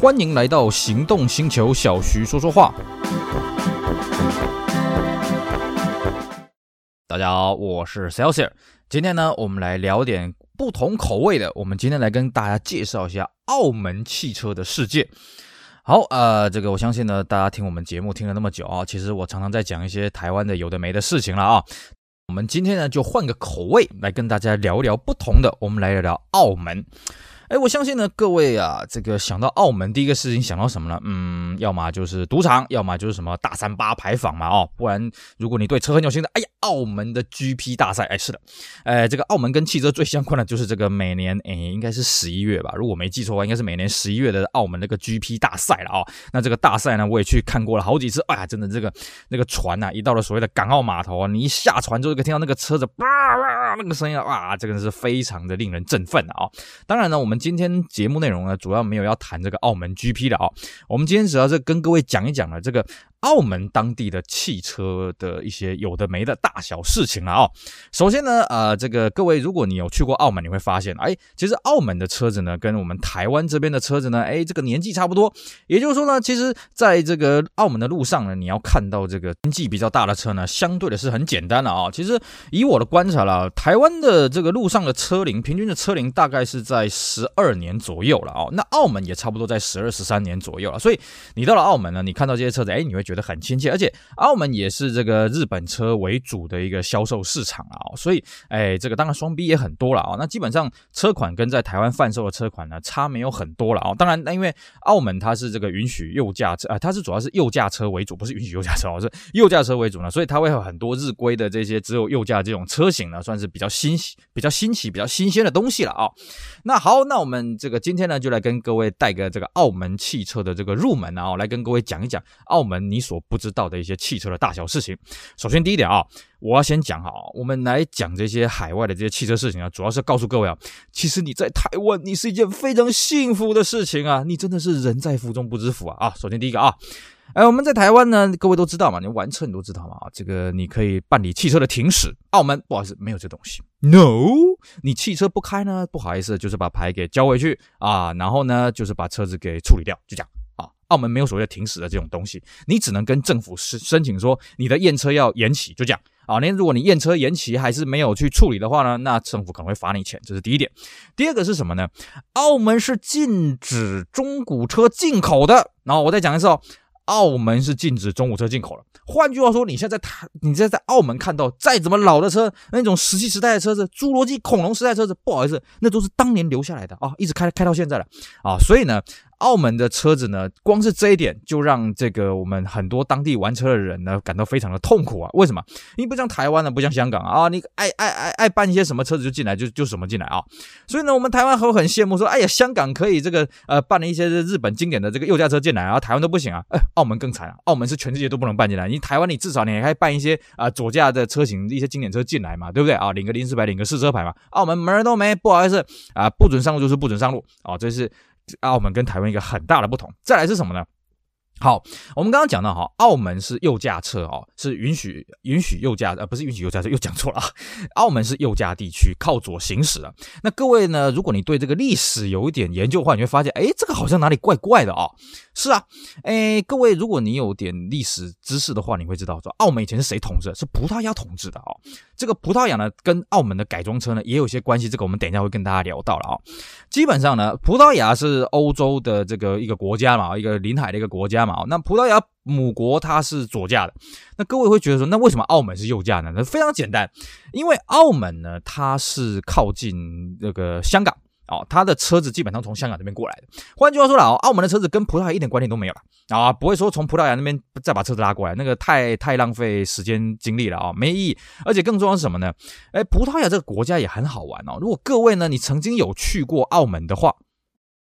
歡迎來到行動星球，小徐說說話。大家好，我是 Celsior。今天呢，我們來聊點不同口味的。我們今天來跟大家介紹一下澳門汽車的世界。好，呃，這個我相信呢，大家聽我們節目聽了那麼久啊、哦，其實我常常在講一些台灣的有的沒的事情了啊。我們今天呢，就換個口味來跟大家聊聊不同的，我們來聊聊澳門。哎，我相信呢，各位啊，這個想到澳門，第一個事情想到什麼呢？嗯，要麼就是賭場，要麼就是什麼大三巴牌坊嘛，哦，不然如果你對車很有興趣，哎呀，澳門的 GP 大賽，哎，是的，哎，這個澳門跟汽車最相關的就是這個每年，哎，應該是十一月吧，如果沒記錯，應該是每年十一月的澳門那個 GP 大賽了啊、哦。那這個大賽呢，我也去看過了好幾次，哎呀，真的這個那個船啊，一到了所謂的港澳碼頭，你一下船之後，可以聽到那個車子叭叭那個聲音啊，哇，這個是非常的令人振奮啊、哦。當然呢，我們。今天節目內容呢，主要沒有要談這個澳門 GP 的哦，我們今天主要是跟各位講一講了這個。澳門當地的汽車的一些有的沒的大小事情了哦。首先呢，呃，這個各位，如果你有去過澳門，你會發現，哎，其實澳門的車子呢，跟我們台灣這邊的車子呢，哎，這個年紀差不多。也就是說呢，其實在這個澳門的路上呢，你要看到這個年紀比較大的車呢，相對的是很簡單的啊、哦。其實以我的觀察啦，台灣的這個路上的車齡，平均的車齡大概是在十二年左右了哦。那澳門也差不多在十二十三年左右了，所以你到了澳門呢，你看到這些車子，哎，你會。覺得很親切，而且澳門也是這個日本車為主的一個銷售市場啊，所以哎、欸，這個當然雙 B 也很多了啊。那基本上車款跟在台灣販售的車款呢，差沒有很多了啊。當然，那因為澳門它是這個允許右駕車啊、呃，它是主要是右駕車為主，不是允許右駕車啊，是右駕車為主呢，所以它會有很多日規的這些只有右駕這種車型呢，算是比較新，比較新奇，比較新鮮的東西了啊。那好，那我們這個今天呢，就來跟各位帶個這個澳門汽車的這個入門啊，來跟各位講一講澳門你。你所不知道的一些汽車的大小事情。首先，第一點啊，我要先講好，我們來講這些海外的這些汽車事情啊，主要是要告訴各位啊，其實你在台灣，你是一件非常幸福的事情啊，你真的是人在福中不知福啊啊。首先第一個啊，哎，我們在台灣呢，各位都知道嘛，你玩車你都知道嘛，這個你可以辦理汽車的停駛。澳門不好意思，沒有這東西，no，你汽車不開呢，不好意思，就是把牌給交回去啊，然後呢，就是把車子給處理掉，就這樣。澳門沒有所謂停駛的這種東西，你只能跟政府申申請說你的驗車要延期，就這樣啊。那如果你驗車延期還是沒有去處理的話呢，那政府可能會罰你錢。這是第一點。第二個是什麼呢？澳門是禁止中古車進口的。然後我再講一次哦，澳門是禁止中古車進口了。換句話說，你現在在台，你現在在澳門看到再怎麼老的車，那種石器時代的車子、侏羅紀恐龍時代車子，不好意思，那都是當年留下來的啊，一直開開到現在了啊。所以呢。澳門的車子呢，光是這一點就讓這個我們很多當地玩車的人呢感到非常的痛苦啊！為什麼？因為不像台灣呢，不像香港啊，你愛愛愛愛辦一些什麼車子就進來就就什麼進來啊！所以呢，我們台灣很很羨慕說，哎呀，香港可以這個呃辦了一些日本經典的這個右駕車進來，然後台灣都不行啊，澳門更慘啊，澳門是全世界都不能辦進來，你台灣你至少你還可以辦一些啊左駕的車型一些經典車進來嘛，對不對啊？領個臨時牌，領個試車牌嘛，澳門門兒都沒，不好意思啊，不准上路就是不准上路啊，這是。澳門跟台灣一個很大的不同，再來是什麼呢？好，我們剛剛講到哈，澳門是右駕車哦，是允許允許右駕呃，不是允許右駕車，又講錯了啊。澳門是右駕地區，靠左行駛啊。那各位呢，如果你對這個歷史有一點研究的話，你會發現，哎，這個好像哪裡怪怪的哦。是啊，哎，各位，如果你有點歷史知識的話，你會知道說，澳門以前是誰統治的？是葡萄牙統治的哦，這個葡萄牙呢，跟澳門的改裝車呢，也有些關係。這個我們等一下會跟大家聊到了啊、哦。基本上呢，葡萄牙是歐洲的這個一個國家嘛，一個臨海的一個國家嘛。那葡萄牙母國它是左駕的，那各位會覺得說，那為什麼澳門是右駕呢？那非常簡單，因為澳門呢，它是靠近那個香港。哦，他的車子基本上從香港這邊過來的。換句話說啦，哦，澳門的車子跟葡萄牙一點關聯都沒有了，啊、哦，不會說從葡萄牙那邊再把車子拉過來，那個太太浪費時間精力了啊，沒意義。而且更重要的是什麼呢？哎、欸，葡萄牙這個國家也很好玩哦。如果各位呢，你曾經有去過澳門的話，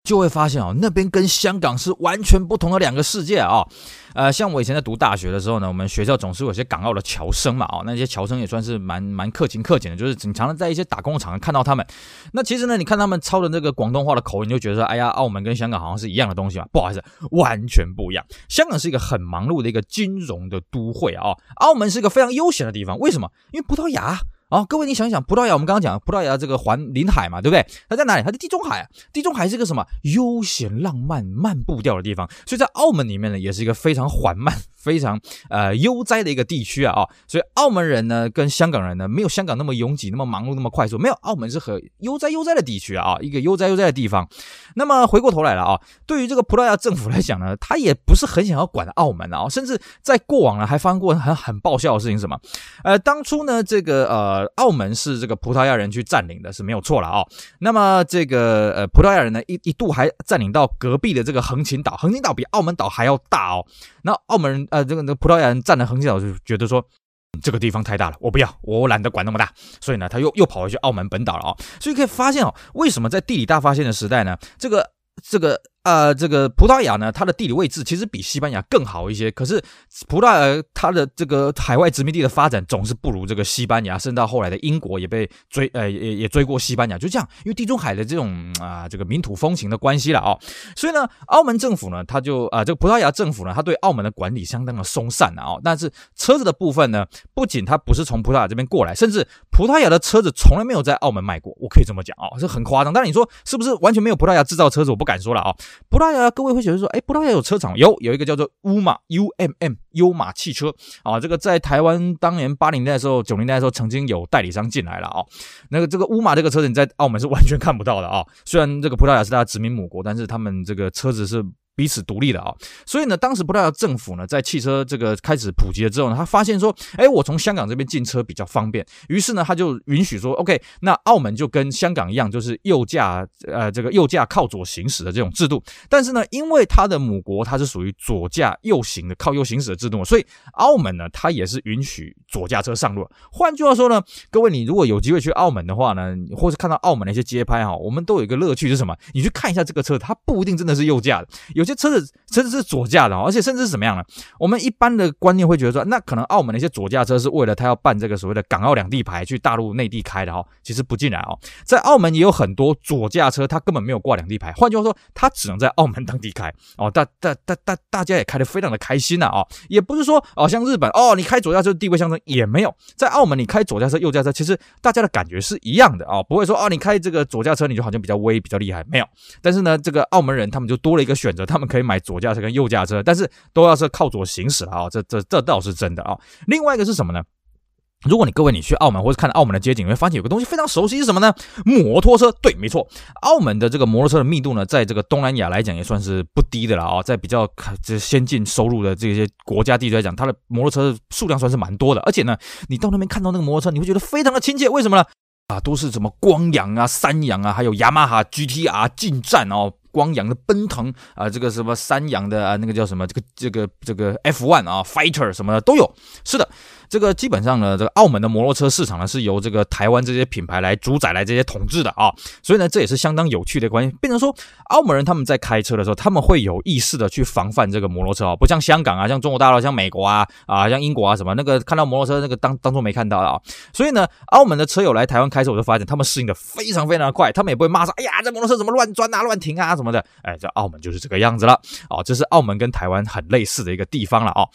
就會發現哦，那邊跟香港是完全不同的兩個世界啊、哦！呃，像我以前在讀大學的時候呢，我們學校總是有些港澳的僑生嘛，哦，那些僑生也算是蠻蠻克勤克儉的，就是經常在一些打工的廠看到他們。那其實呢，你看他們操的那個廣東話的口音，你就覺得說哎呀，澳門跟香港好像是一樣的東西嘛。不好意思，完全不一樣。香港是一個很忙碌的一個金融的都會啊、哦，澳門是一個非常悠閒的地方。為什麼？因為葡萄牙。啊、哦，各位，你想一想葡萄牙，我們剛剛講葡萄牙這個環臨海嘛，對不對？它在哪裡？它在地中海啊，地中海是一個什麼悠閒、浪漫、慢步調的地方，所以在澳門裡面呢，也是一個非常緩慢。非常呃悠哉的一個地區啊，哦，所以澳門人呢跟香港人呢，沒有香港那麼擁擠、那麼忙碌、那麼快速，沒有。澳門是很悠哉悠哉的地區啊，一個悠哉悠哉的地方。那麼回過頭來了啊、哦，對於這個葡萄牙政府來講呢，他也不是很想要管澳門啊、哦，甚至在過往呢還發生過很很爆笑的事情，什麼？呃，當初呢這個呃澳門是這個葡萄牙人去佔領的，是沒有錯了啊、哦。那麼這個呃葡萄牙人呢一一度還佔領到隔壁的這個橫琴島，橫琴島比澳門島還要大哦。那澳門人。呃，這個那葡萄牙人占了很小，就覺得說，嗯，這個地方太大了，我不要，我懶得管那麼大，所以呢，他又又跑回去澳門本島了啊、哦。所以可以發現哦，為什麼在地理大發現的時代呢？這個這個。呃，這個葡萄牙呢，它的地理位置其實比西班牙更好一些。可是，葡萄牙，它的這個海外殖民地的發展總是不如這個西班牙，甚至到後來的英國也被追，呃，也也追過西班牙。就這樣，因為地中海的這種啊、呃，這個民土風情的關係了哦。所以呢，澳門政府呢，它就啊、呃，這個葡萄牙政府呢，它對澳門的管理相當的鬆散了哦。但是車子的部分呢，不僅它不是從葡萄牙這邊過來，甚至葡萄牙的車子從來沒有在澳門賣過。我可以這麼講啊、哦，這很誇張。但是你說是不是完全沒有葡萄牙制造車子？我不敢說了啊、哦。葡萄牙，各位會覺得說，哎、欸，葡萄牙有車廠，有有一個叫做烏馬 U M M 烏馬汽車啊，這個在台灣當年八零代的時候、九零代的時候，曾經有代理商進來了啊、哦。那個這個烏馬這個車子，你在澳門是完全看不到的啊、哦。雖然這個葡萄牙是它的殖民母國，但是他們這個車子是。彼此獨立的啊、哦，所以呢，當時葡萄牙政府呢，在汽車這個開始普及了之後呢，他發現說，哎、欸，我從香港這邊進車比較方便，於是呢，他就允許說，OK，那澳門就跟香港一樣，就是右駕，呃，這個右駕靠左行駛的這種制度。但是呢，因為他的母國它是屬於左駕右行的，靠右行駛的制度，所以澳門呢，它也是允許左駕車上路。換句話說呢，各位，你如果有機會去澳門的話呢，或者看到澳門的一些街拍哈、哦，我們都有一個樂趣是什麼？你去看一下這個車，它不一定真的是右駕的。有些車子甚至是左駕的、哦，而且甚至是怎麼樣呢？我們一般的觀念會覺得說，那可能澳門的一些左駕車是為了他要辦這個所謂的港澳兩地牌去大陸內地開的哦，其實不進來哦。在澳門也有很多左駕車，他根本沒有掛兩地牌，換句話說，他只能在澳門當地開哦。大大大大大，大家也開得非常的開心吶、啊、哦，也不是說哦，像日本哦，你開左駕車的地位象徵也沒有，在澳門你開左駕車右駕車，其實大家的感覺是一樣的哦，不會說哦，你開這個左駕車你就好像比較威比較厲害，沒有。但是呢，這個澳門人他們就多了一個選擇。他們可以買左駕車跟右駕車，但是都要是靠左行駛了啊、哦！這這這倒是真的啊、哦。另外一個是什麼呢？如果你各位你去澳門或是看澳門的街景，你會發現有個東西非常熟悉，是什麼呢？摩托車。對，沒錯，澳門的這個摩托車的密度呢，在這個東南亞來講也算是不低的了啊、哦。在比較這先進收入的這些國家地區來講，它的摩托車數量算是蠻多的。而且呢，你到那邊看到那個摩托車，你會覺得非常的親切。為什麼呢？啊，都是什麼光陽啊、三陽啊，還有雅馬哈 GTR 勁戰哦。光陽的奔騰啊，這個什麼三陽的啊，那個叫什麼，這個這個這個 F1 啊，Fighter 什麼的都有，是的。這個基本上呢，這個澳門的摩托車市場呢，是由這個台灣這些品牌來主宰、來這些統治的啊、哦，所以呢，這也是相當有趣的關係。變成說，澳門人他們在開車的時候，他們會有意識地去防範這個摩托車啊、哦，不像香港啊、像中國大陸、像美國啊、啊像英國啊什麼那個看到摩托車那個當當做沒看到的啊、哦，所以呢，澳門的車友來台灣開車，我就發現他們適應得非常非常快，他們也不會罵說：“哎呀，這摩托車怎麼亂鑽啊、亂停啊什麼的。”哎，這澳門就是這個樣子了啊、哦，這是澳門跟台灣很類似的一個地方了啊、哦。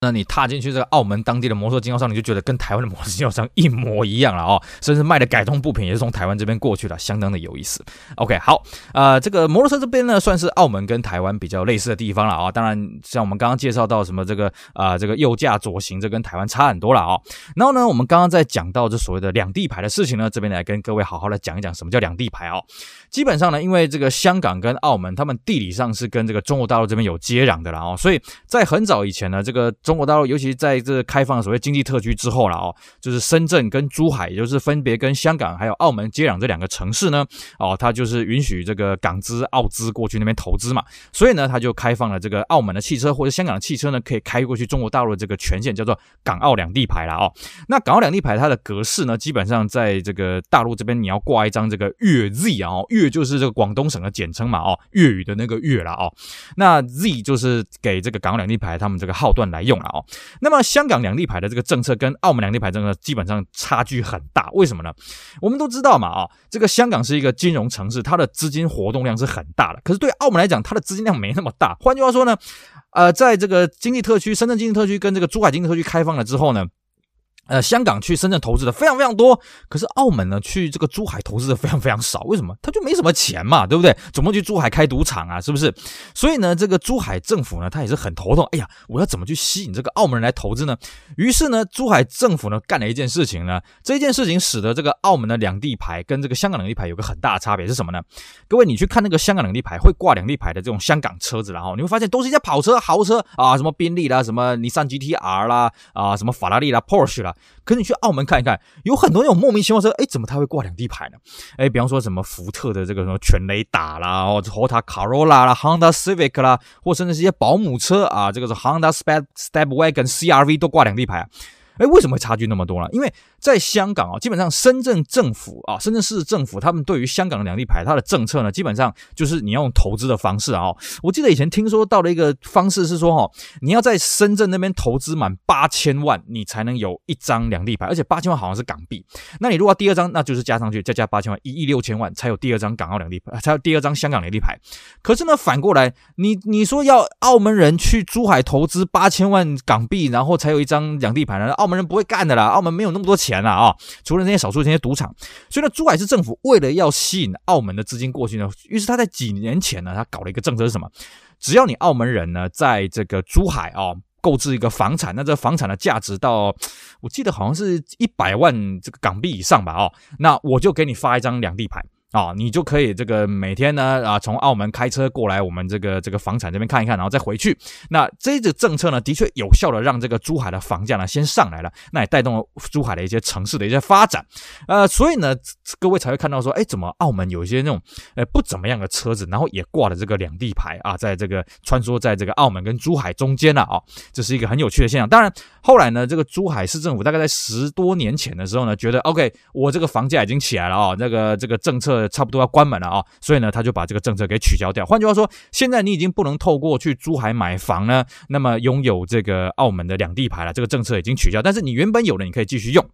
那你踏進去這個澳門當地的摩托車經銷商，你就覺得跟台灣的摩托車經銷商一模一樣了哦，甚至賣的改裝部品也是從台灣這邊過去了，相當的有意思。OK，好，呃，這個摩托車這邊呢，算是澳門跟台灣比較類似的地方了啊、哦。當然，像我們剛剛介紹到什麼這個啊、呃，這個右駕左行，這跟台灣差很多了啊、哦。然後呢，我們剛剛在講到這所謂的兩地牌的事情呢，這邊來跟各位好好的講一講什麼叫兩地牌啊、哦。基本上呢，因為這個香港跟澳門，他們地理上是跟這個中國大陸這邊有接壤的了哦，所以在很早以前呢，這個中國大陸，尤其在這開放的所謂經濟特區之後了啊，就是深圳跟珠海，也就是分別跟香港還有澳門接壤這兩個城市呢，哦，它就是允許這個港資、澳資過去那邊投資嘛，所以呢，它就開放了這個澳門的汽車或者香港的汽車呢，可以開過去中國大陸的這個權限，叫做港澳兩地牌了哦，那港澳兩地牌它的格式呢，基本上在這個大陸這邊你要掛一張這個粵 Z 啊，粵就是這個廣東省的簡稱嘛，哦，粵語的那個粵了哦，那 Z 就是給這個港澳兩地牌他們這個號段來用。啊，那麼香港兩地牌的這個政策跟澳門兩地牌政策基本上差距很大，為什麼呢？我們都知道嘛，啊，這個香港是一個金融城市，它的資金活動量是很大的，可是對澳門來講，它的資金量沒那麼大。換句話說呢，呃，在這個經濟特區、深圳經濟特區跟這個珠海經濟特區開放了之後呢。呃，香港去深圳投資的非常非常多，可是澳門呢，去這個珠海投資的非常非常少。為什麼？他就沒什麼錢嘛，對不對？怎麼去珠海開賭場啊？是不是？所以呢，這個珠海政府呢，他也是很頭痛。哎呀，我要怎麼去吸引這個澳門人來投資呢？於是呢，珠海政府呢，幹了一件事情呢。這件事情使得這個澳門的兩地牌跟這個香港兩地牌有個很大的差別是什麼呢？各位，你去看那個香港兩地牌會掛兩地牌的這種香港車子，然後你會發現都是一些跑車、豪車啊，什麼賓利啦、啊，什麼尼桑 GTR 啦，啊，什麼法拉利啦、Porsche、啊、啦。可是你去澳門看一看，有很多那種莫名其妙車，哎，怎麼他會掛兩地牌呢？哎，比方說什麼福特的這個什麼全雷達啦，或者是豐田卡羅拉啦，Honda Civic 啦，或甚至是一些保姆車啊，這個是 Honda Step Step Wagon C R V 都掛兩地牌啊。哎、欸，為什麼會差距那麼多呢？因為在香港啊，基本上深圳政府啊，深圳市政府他們對於香港的兩地牌，它的政策呢，基本上就是你要用投資的方式啊。我記得以前聽說到了一個方式是說哈，你要在深圳那邊投資滿八千萬，你才能有一張兩地牌，而且八千萬好像是港幣。那你如果第二張，那就是加上去再加八千萬，一億六千萬才有第二張港澳兩地牌，才有第二張香港兩地牌。可是呢，反過來你你說要澳門人去珠海投資八千萬港幣，然後才有一張兩地牌呢，然後澳。澳門人不會幹的啦，澳門沒有那麼多錢了啊、哦！除了那些少數那些賭場，所以呢，珠海市政府為了要吸引澳門的資金過去呢，於是他在幾年前呢，他搞了一個政策是什麼？只要你澳門人呢，在這個珠海啊、哦、購置一個房產，那這個房產的價值到，我記得好像是一百萬這個港幣以上吧？哦，那我就給你發一張兩地牌。啊、哦，你就可以這個每天呢啊，從澳門開車過來我們這個這個房產這邊看一看，然後再回去。那這個政策呢，的確有效的讓這個珠海的房價呢先上來了，那也帶動了珠海的一些城市的一些發展。呃，所以呢，各位才會看到說，哎，怎麼澳門有一些那種呃不怎麼樣的車子，然後也掛了這個兩地牌啊，在這個穿梭在這個澳門跟珠海中間了啊、哦，這是一個很有趣的現象。當然後來呢，這個珠海市政府大概在十多年前的時候呢，覺得 OK，我這個房價已經起來了啊、哦，那、這個這個政策。呃，差不多要關門了啊、哦，所以呢，他就把這個政策給取消掉。換句話說，現在你已經不能透過去珠海買房呢，那麼，擁有這個澳門的兩地牌了，這個政策已經取消。但是你原本有的，你可以繼續用。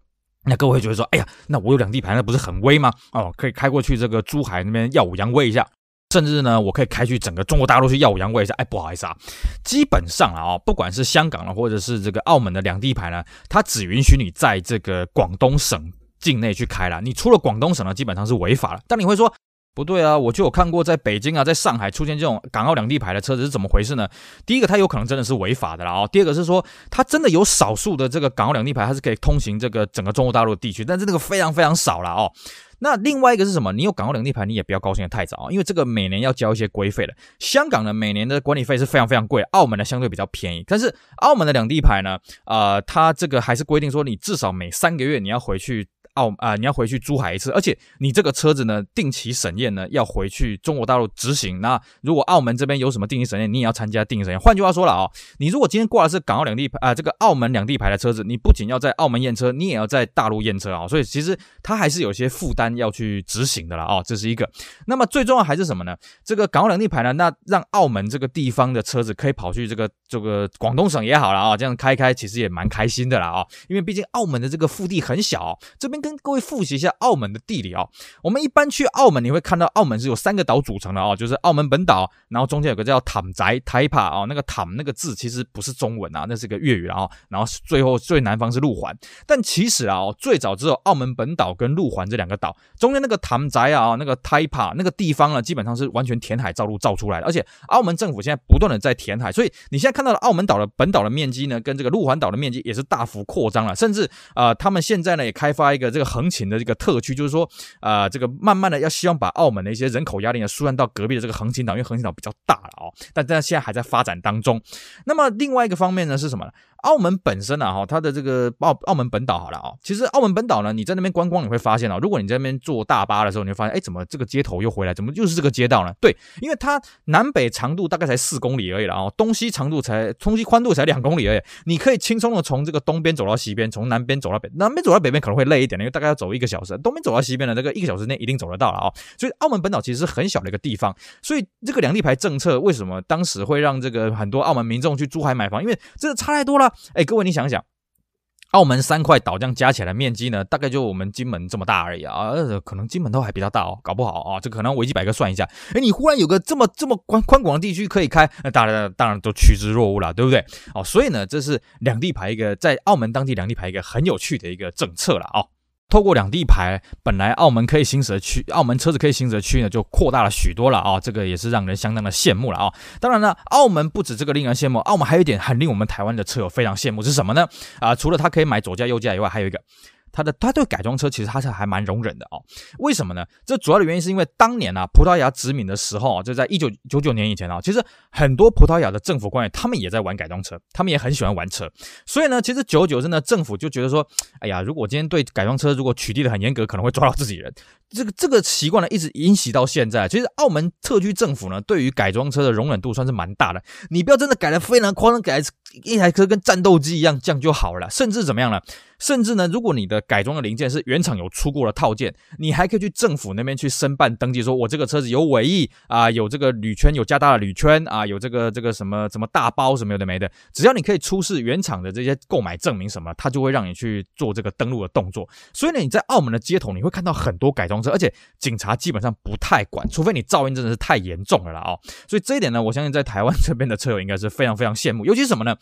那各位就會說，哎呀，那我有兩地牌，那不是很威嗎？哦，可以開過去這個珠海那邊耀武揚威一下，甚至呢，我可以開去整個中國大陸去耀武揚威一下。哎，不好意思啊，基本上啊、哦，不管是香港啊，或者是這個澳門的兩地牌呢，它只允許你在這個廣東省。境內去開了，你出了廣東省呢，基本上是違法了。但你會說不對啊？我就有看過，在北京啊，在上海出現這種港澳兩地牌的車子是怎麼回事呢？第一個，它有可能真的是違法的了哦。第二個是說，它真的有少數的這個港澳兩地牌，它是可以通行這個整個中國大陸的地區，但是那個非常非常少了哦。那另外一個是什麼？你有港澳兩地牌，你也不要高興得太早，哦，因為這個每年要交一些規費的。香港的每年的管理費是非常非常貴，澳門的相對比較便宜，但是澳門的兩地牌呢，啊，呃，它這個還是規定說，你至少每三個月你要回去。澳啊、呃，你要回去珠海一次，而且你這個車子呢，定期審驗呢，要回去中國大陸執行。那如果澳門這邊有什麼定期審驗，你也要參加定期審驗。換句話說了啊、哦，你如果今天掛的是港澳兩地牌啊、呃，這個澳門兩地牌的車子，你不僅要在澳門驗車，你也要在大陸驗車啊、哦。所以其實它還是有些負擔要去執行的了啊、哦，這是一個。那麼最重要還是什麼呢？這個港澳兩地牌呢，那讓澳門這個地方的車子可以跑去這個這個廣東省也好了啊、哦，這樣開開其實也蠻開心的了啊、哦，因為畢竟澳門的這個腹地很小，這邊。跟各位復習一下澳門的地理啊、哦，我們一般去澳門，你會看到澳門是有三個島組成的哦，就是澳門本島，然後中間有個叫氹仔 Taipa 啊、哦，那個氹那個字其實不是中文啊，那是個粵語啊，然後最後最南方是路環。但其實啊，最早只有澳門本島跟路環這兩個島，中間那個氹仔啊那個 Taipa 那個地方呢，基本上是完全填海造陸造出來的，而且澳門政府現在不斷的在填海，所以你現在看到的澳門島的本島的面積呢，跟這個路環島的面積也是大幅擴張了，甚至啊、呃，他們現在呢也開發一個。這個橫琴的這個特區，就是說，啊、呃，這個慢慢的要希望把澳門的一些人口壓力呢，疏散到隔壁的這個橫琴島，因為橫琴島比較大了啊。但但現在還在發展當中。那麼另外一個方面呢是什麼呢？澳門本身呢，哈，它的這個澳澳門本島好了啊，其實澳門本島呢，你在那邊觀光，你會發現啊，如果你在那邊坐大巴的時候，你會發現，哎，怎麼這個街頭又回來，怎麼又是這個街道呢？對，因為它南北長度大概才四公里而已了啊，東西長度才，東西寬度才兩公里而已。你可以輕鬆的從這個東邊走到西邊，從南邊走到北，南邊走到北邊可能會累一點的，因為大概要走一個小時。東邊走到西邊的那個一個小時內一定走得到了啊。所以澳門本島其實是很小的一個地方。所以這個兩地牌政策為什麼？怎麼當時會讓這個很多澳門民眾去珠海買房？因為這差太多了。哎、欸，各位你想想，澳門三塊島這樣加起來的面積呢，大概就我們金門這麼大而已啊。呃、可能金門都還比較大哦，搞不好啊、哦，這可能維基百科算一下。哎、欸，你忽然有個這麼這麼寬寬廣的地區可以開，那、呃、當然當然都趨之若鶩了，對不對？哦，所以呢，這是兩地牌一個在澳門當地兩地牌一個很有趣的一個政策了啊、哦。透過兩地牌，本來澳門可以行駛的區，澳門車子可以行駛的區域呢，就擴大了許多了啊、哦！這個也是讓人相當的羨慕了啊、哦！當然了，澳門不止這個令人羨慕，澳門還有一點很令我們台灣的車友非常羨慕是什麼呢？啊、呃，除了他可以買左駕右駕以外，還有一個。他的他對改裝車其實他是還蠻容忍的哦，為什麼呢？這主要的原因是因為當年啊，葡萄牙殖民的時候啊，就在一九九九年以前啊，其實很多葡萄牙的政府官員他們也在玩改裝車，他們也很喜歡玩車，所以呢，其實久而久之呢，政府就覺得說，哎呀，如果今天對改裝車如果取締的很嚴格，可能會抓到自己人，這個這個習慣呢一直延續到現在。其實澳門特區政府呢對於改裝車的容忍度算是蠻大的，你不要真的改得非常誇張，改。一台車跟戰鬥機一樣這樣就好了，甚至怎麼樣呢？甚至呢，如果你的改裝的零件是原廠有出過的套件，你還可以去政府那邊去申辦登記說，說我這個車子有尾翼啊，有這個鋁圈，有加大的鋁圈啊，有這個這個什麼什麼大包什麼有的沒的，只要你可以出示原廠的這些購買證明什麼，他就會讓你去做這個登錄的動作。所以呢，你在澳門的街頭你會看到很多改裝車，而且警察基本上不太管，除非你噪音真的是太嚴重了啦。哦，所以這一點呢，我相信在台灣這邊的車友應該是非常非常羨慕，尤其什麼呢？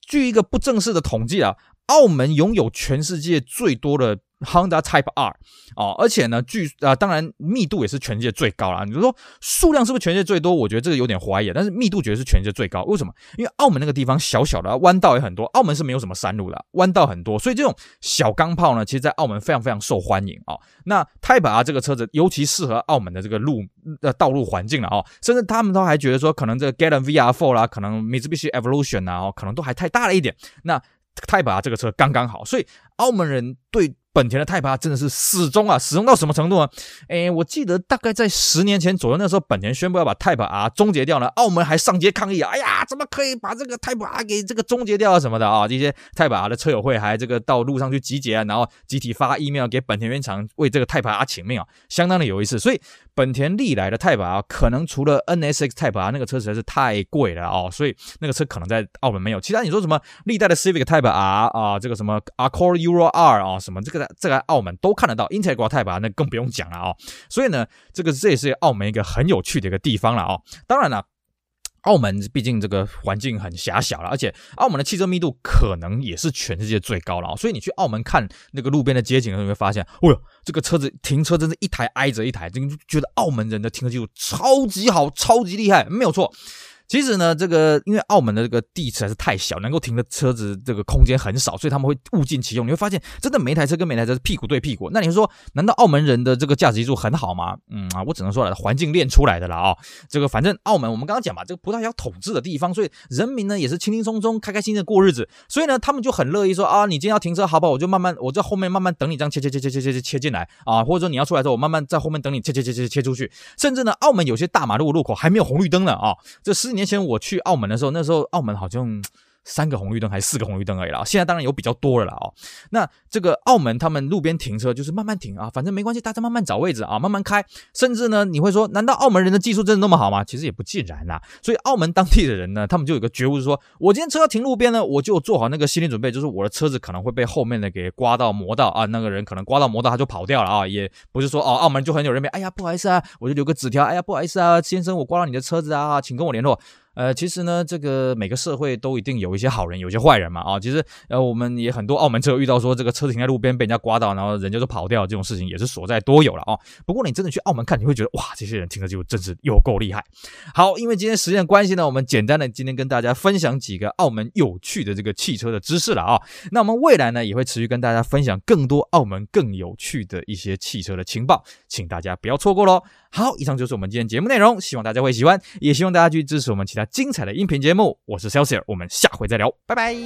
據一個不正式的統計啊。澳門擁有全世界最多的 Honda Type R 啊、哦，而且呢，據啊、呃，當然密度也是全世界最高啦。你比如說數量是不是全世界最多？我覺得這個有點懷疑，但是密度絕對是全世界最高。為什麼？因為澳門那個地方小小的，彎道也很多。澳門是沒有什麼山路的，彎道很多，所以這種小鋼炮呢，其實在澳門非常非常受歡迎啊、哦。那 Type R 這個車子尤其適合澳門的這個路呃道路環境啦。哦，甚至他們都還覺得說，可能這個 Galant VR4 啦，可能 Mitsubishi Evolution 啊、哦，可能都還太大了一點。那 Type R 啊，這個車剛剛好，所以澳門人對本田的 Type R 真的是死忠啊，死忠到什麼程度呢？啊？哎，我記得大概在十年前左右，那時候本田宣布要把 Type R 終結掉了，澳門還上街抗議。哎呀，怎麼可以把這個 Type R 給這個終結掉啊？什麼的啊，哦？這些 Type R 的車友會還這個到路上去集結，啊，然後集體發 email 給本田原廠為這個 Type R 請命啊，相當的有意思。所以本田歷來的 Type R 可能除了 NSX Type R 那個車實在是太貴了啊，哦，所以那個車可能在澳門沒有。其他你說什麼歷代的 Civic Type R 啊，這個什麼 Accord Euro R 啊，什麼這個。在在澳門都看得到 Integra Type R 吧，那更不用講了啊、哦！所以呢，這個這也是澳門一個很有趣的一個地方了啊、哦！當然了，澳門畢竟這個環境很狹小了，而且澳門的汽車密度可能也是全世界最高了、哦。所以你去澳門看那個路邊的街景，你會發現，哇、哎，這個車子停車真是一台挨着一台，真覺得澳門人的停車技術超級好，超級厲害，沒有錯。其實呢，這個因為澳門的這個地實在是太小，能夠停的車子這個空間很少，所以他們會物盡其用。你會發現，真的每台車跟每台車是屁股對屁股。那你說，難道澳門人的這個駕駛技術很好嗎？嗯啊，我只能說了，環境練出來的了啊。這個反正澳門，我們剛剛講嘛，這個葡萄牙統治的地方，所以人民呢也是輕輕鬆鬆、開開心心的過日子。所以呢，他們就很樂意說啊，你今天要停車好不好？我就慢慢我在後面慢慢等你這樣切切切切切切切切進來啊，或者說你要出來之後，我慢慢在後面等你切切切切切出去。甚至呢，澳門有些大馬路路口還沒有紅綠燈呢啊，這十年。年前我去澳門的時候，那時候澳門好像三個紅綠燈還是四個紅綠燈而已啦，現在當然有比較多了啦哦。那這個澳門他們路邊停車就是慢慢停啊，反正沒關係，大家慢慢找位置啊，慢慢開。甚至呢，你會說，難道澳門人的技術真的那麼好嗎？其實也不盡然啦啊。所以澳門當地的人呢，他們就有個覺悟，是說，我今天車停路邊呢，我就做好那個心理準備，就是我的車子可能會被後面的給刮到、磨到啊。那個人可能刮到、磨到，他就跑掉了啊。也不是說哦，澳門就很有人品，哎呀，不好意思啊，我就留個紙條，哎呀，不好意思啊，先生，我刮到你的車子啊，請跟我聯絡。呃，其實呢，這個每個社會都一定有一些好人，有一些壞人嘛。啊、哦，其實呃，我們也很多澳門車遇到說，這個車停在路邊被人家刮到，然後人家就跑掉這種事情也是所在多有了啊、哦。不過你真的去澳門看，你會覺得哇，這些人聽的就真是有夠厲害。好，因為今天時間的關係呢，我們簡單的今天跟大家分享幾個澳門有趣的這個汽車的知識了啊、哦。那我們未來呢也會持續跟大家分享更多澳門更有趣的一些汽車的情報，請大家不要錯過嘍。好，以上就是我們今天的節目內容，希望大家會喜歡，也希望大家去支持我們其他精彩的音頻節目。我是 Celsior，我們下回再聊，拜拜。